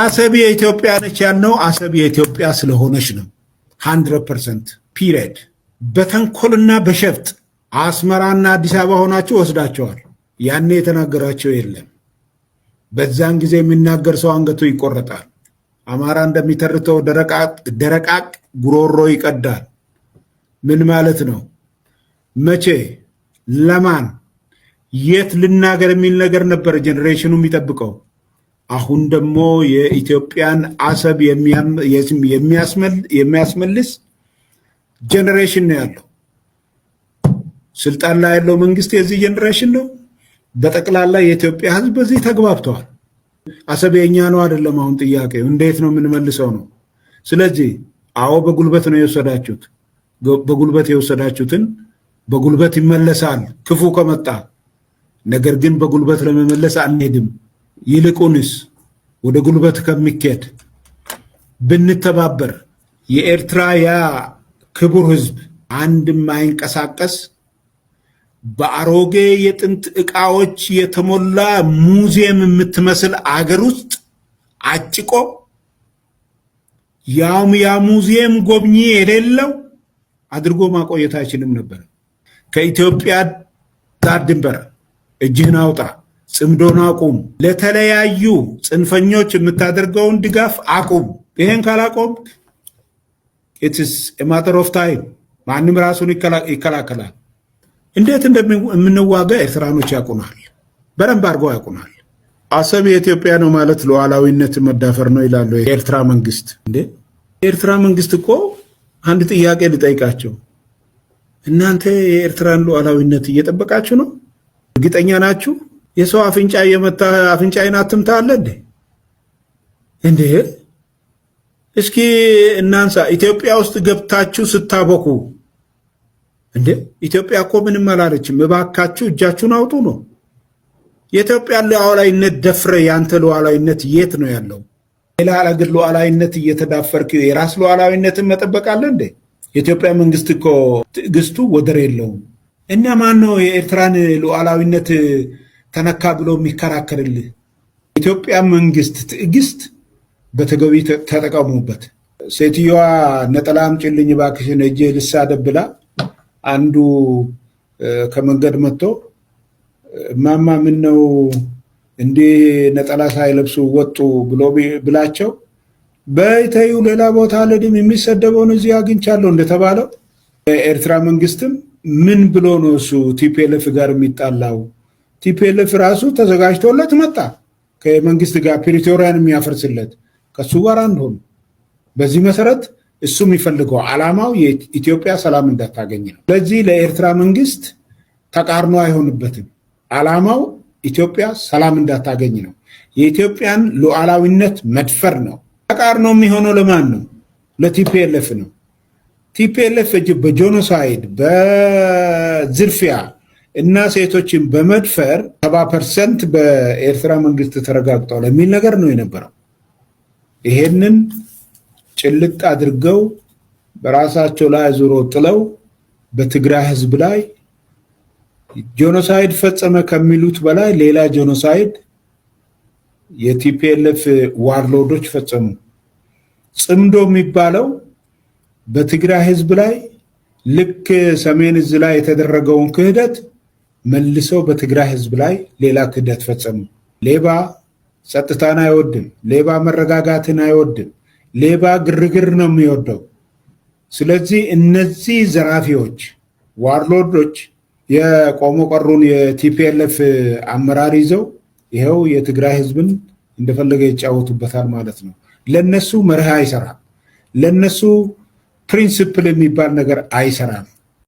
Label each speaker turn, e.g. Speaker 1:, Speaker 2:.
Speaker 1: አሰብ የኢትዮጵያ ነች ያልነው አሰብ የኢትዮጵያ ስለሆነች ነው። ሃንድረድ ፐርሰንት ፒሪድ። በተንኮልና በሸፍጥ አስመራና አዲስ አበባ ሆናችሁ ወስዳቸዋል። ያኔ የተናገራቸው የለም። በዛን ጊዜ የሚናገር ሰው አንገቱ ይቆረጣል። አማራ እንደሚተርተው ደረቃቅ ጉሮሮ ይቀዳል። ምን ማለት ነው? መቼ፣ ለማን፣ የት ልናገር የሚል ነገር ነበር ጄኔሬሽኑ የሚጠብቀው። አሁን ደግሞ የኢትዮጵያን አሰብ የሚያስመልስ ጀኔሬሽን ነው ያለው። ስልጣን ላይ ያለው መንግስት የዚህ ጀኔሬሽን ነው። በጠቅላላ የኢትዮጵያ ሕዝብ በዚህ ተግባብተዋል። አሰብ የእኛ ነው አይደለም። አሁን ጥያቄው እንዴት ነው የምንመልሰው ነው። ስለዚህ አዎ፣ በጉልበት ነው የወሰዳችሁት። በጉልበት የወሰዳችሁትን በጉልበት ይመለሳል ክፉ ከመጣ ነገር ግን በጉልበት ለመመለስ አንሄድም። ይልቁንስ ወደ ጉልበት ከሚኬድ ብንተባበር የኤርትራ ያ ክቡር ህዝብ አንድ ማይንቀሳቀስ በአሮጌ የጥንት እቃዎች የተሞላ ሙዚየም የምትመስል አገር ውስጥ አጭቆ ያም ያ ሙዚየም ጎብኚ የሌለው አድርጎ ማቆየት አይችልም ነበር። ከኢትዮጵያ ዳር ድንበር እጅህን አውጣ። ጽምዶን አቁም። ለተለያዩ ጽንፈኞች የምታደርገውን ድጋፍ አቁም። ይሄን ካላቆም ኢትስ ማተር ኦፍ ታይም ማንም ራሱን ይከላከላል። እንዴት እንደምንዋጋ ኤርትራኖች ያቁናል፣ በደንብ አድርገው ያቁናል። አሰብ የኢትዮጵያ ነው ማለት ሉዓላዊነት መዳፈር ነው ይላሉ የኤርትራ መንግስት። እንዴ የኤርትራ መንግስት እኮ አንድ ጥያቄ ልጠይቃቸው፣ እናንተ የኤርትራን ሉዓላዊነት እየጠበቃችሁ ነው? እርግጠኛ ናችሁ? የሰው አፍንጫ የመታ አፍንጫዬን አትምታ አለ እንዴ? እንዴ እስኪ እናንሳ። ኢትዮጵያ ውስጥ ገብታችሁ ስታበኩ እንዴ ኢትዮጵያ እኮ ምንም አላለችም። እባካችሁ እጃችሁን አውጡ ነው። የኢትዮጵያ ሉዓላዊነት ደፍረ ያንተ ሉዓላዊነት የት ነው ያለው? ሌላ አገር ሉዓላዊነት እየተዳፈርክ የራስ ሉዓላዊነትን መጠበቅ አለ እንዴ? የኢትዮጵያ መንግስት እኮ ትዕግስቱ ወደር የለውም። እና ማን ነው የኤርትራን ሉዓላዊነት ተነካ ብሎ የሚከራከርልህ ኢትዮጵያ መንግስት ትዕግስት በተገቢ ተጠቀሙበት። ሴትዮዋ ነጠላ አምጪልኝ እባክሽን እጄ ልሳደብ ብላ አንዱ ከመንገድ መጥቶ ማማ ምን ነው ነጠላ ሳይለብሱ ወጡ ብሎ ብላቸው በይተዩ ሌላ ቦታ አልሄድም የሚሰደበውን እዚህ አግኝቻለሁ እንደተባለው ኤርትራ መንግስትም ምን ብሎ ነው እሱ ቲፒኤልኤፍ ጋር የሚጣላው ቲፒኤልኤፍ ራሱ ተዘጋጅቶለት መጣ። ከመንግስት ጋር ፕሪቶሪያን የሚያፈርስለት ከሱ ጋር አንድ ሆኑ። በዚህ መሰረት እሱ የሚፈልገው አላማው የኢትዮጵያ ሰላም እንዳታገኝ ነው። ስለዚህ ለኤርትራ መንግስት ተቃርኖ አይሆንበትም። አላማው ኢትዮጵያ ሰላም እንዳታገኝ ነው። የኢትዮጵያን ሉዓላዊነት መድፈር ነው። ተቃርኖ የሚሆነው ለማን ነው? ለቲፒኤልኤፍ ነው። ቲፒኤልኤፍ በጆኖሳይድ በዝርፊያ እና ሴቶችን በመድፈር ሰባ ፐርሰንት በኤርትራ መንግስት ተረጋግጠዋል የሚል ነገር ነው የነበረው። ይሄንን ጭልጥ አድርገው በራሳቸው ላይ ዙሮ ጥለው በትግራይ ህዝብ ላይ ጄኖሳይድ ፈጸመ ከሚሉት በላይ ሌላ ጄኖሳይድ የቲፒኤልኤፍ ዋርሎዶች ፈጸሙ። ጽምዶ የሚባለው በትግራይ ህዝብ ላይ ልክ ሰሜን እዝ ላይ የተደረገውን ክህደት መልሰው በትግራይ ህዝብ ላይ ሌላ ክህደት ፈጸሙ። ሌባ ጸጥታን አይወድም። ሌባ መረጋጋትን አይወድም። ሌባ ግርግር ነው የሚወደው። ስለዚህ እነዚህ ዘራፊዎች፣ ዋርሎዶች የቆሞ ቀሩን የቲፒኤልኤፍ አመራር ይዘው ይኸው የትግራይ ህዝብን እንደፈለገ ይጫወቱበታል ማለት ነው። ለነሱ መርህ አይሰራም። ለነሱ ፕሪንስፕል የሚባል ነገር አይሰራም።